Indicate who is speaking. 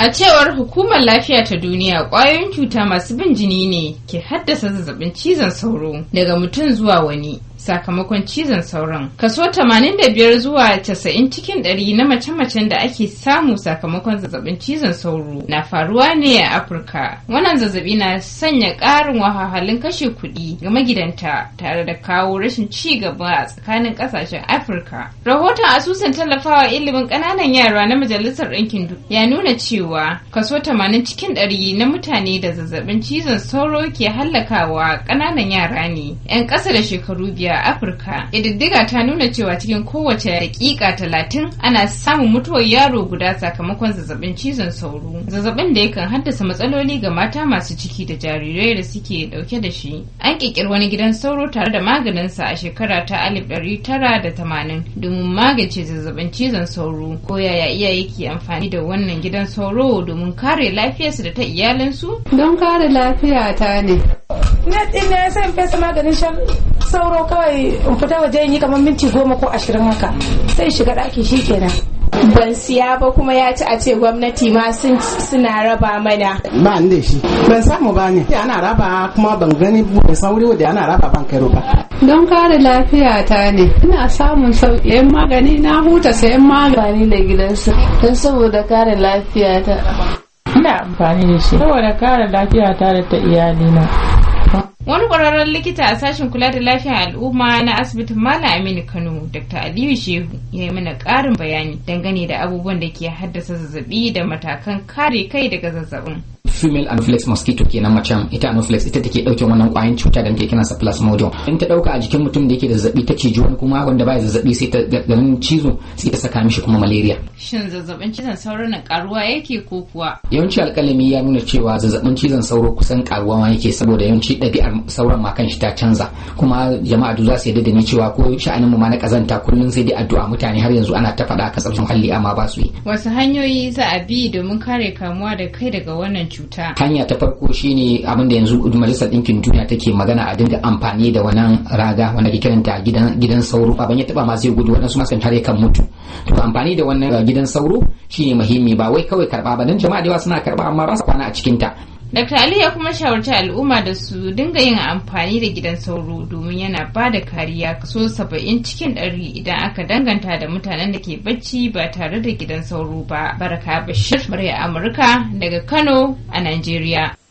Speaker 1: A cewar hukumar lafiya ta duniya ƙwayoyin cuta masu bin jini ne ke haddasa zazzabin cizon sauro daga mutum zuwa wani sakamakon cizon sauron. Kaso 85 zuwa 90 cikin ɗari na mace-macen da ake samu sakamakon zazzabin cizon sauro na faruwa ne a Afirka. Wannan zazzabi na sanya ƙarin wahalhalun kashe kuɗi ga magidanta tare da kawo rashin ci gaba a tsakanin ƙasashen Afirka. Rahoton asusun tallafawa ilimin ƙananan yara na Majalisar Ɗinkin Duniya ya nuna cewa kaso 80 cikin ɗari na mutane da zazzabin cizon sauro ke hallakawa ƙananan yara ne 'yan ƙasa da shekaru biyar a Afirka. Ƙididdiga ta nuna cewa cikin kowace daƙiƙa talatin ana samun mutuwar yaro guda sakamakon zazzabin cizon sauro. Zazzabin da yakan haddasa matsaloli ga mata masu ciki da jarirai da suke dauke da shi. An ƙirƙiri wani gidan sauro tare da maganinsa a shekara ta alif ɗari da tamanin domin magance zazzabin cizon sauro. Ko yaya iyaye ke amfani da wannan gidan sauro domin kare lafiyarsu da ta iyalansu?
Speaker 2: Don kare lafiyata ne. Na ɗin
Speaker 1: na san fesa maganin
Speaker 2: shan sauro kawai in fita waje yi kamar minti goma ko
Speaker 1: ashirin haka sai shiga ɗaki shi kenan ban siya ba kuma ya ci a ce gwamnati ma suna raba mana
Speaker 2: ba ni da shi ban samu ba ne ana raba kuma ban gani ban sauri wadda ana raba ban kai ba
Speaker 1: don kare lafiyata ne ina samun
Speaker 2: sauƙin magani na huta sayan magani da gidansu don saboda kare lafiyata ina amfani da shi saboda kare lafiyata da ta iyalina
Speaker 1: Wani ƙwararren likita a sashen kula da lafiyar al'umma na asibitin Malam Aminu Kano, Dr. Aliyu Shehu, ya yi mana ƙarin bayani dangane da abubuwan da ke haddasa zazzabi da matakan kare kai daga zazzabin.
Speaker 2: female anopheles mosquito kenan macen ita anopheles ita take dauke wannan kwayan cuta da muke sa plasmodium in ta dauka a jikin mutum da yake da zazzabi ta ciji wani kuma wanda baya zazzabi sai ta ganin cizo sai ta saka mishi kuma malaria
Speaker 1: shin zazzabin cizon sauro na karuwa yake
Speaker 2: ko kuwa yawanci alkalami ya nuna cewa zazzabin cizon sauro kusan karuwa ma yake saboda yawanci ɗabi'ar sauran ma kanshi ta canza kuma jama'a duk za su yadda da ni cewa ko sha'anin mu ma na kazanta kullun sai dai addu'a mutane har yanzu ana ta faɗa ka tsabtsin halli amma ba su yi
Speaker 1: wasu hanyoyi za a bi domin kare kamuwa da kai daga wannan cuta cuta
Speaker 2: hanya ta farko shine abin da yanzu majalisar ɗinkin duniya take magana a dinga amfani da wannan raga wanda ke kiranta gidan gidan sauro ba ya taba ma zai gudu ma masu tare kan mutu to amfani da wannan eh, gidan sauro shine muhimmi ba wai kawai karba ba dan jama'a da yawa suna karba amma ba su kwana a cikin ta
Speaker 1: Dr. Ali ya kuma shawarci al'umma da su dinga yin amfani da gidan sauro domin yana ba da kariya kaso saba'in cikin ɗari idan aka danganta da mutanen da ke bacci ba tare da gidan sauro ba. Baraka Bashir, murya Amurka daga Kano a Najeriya.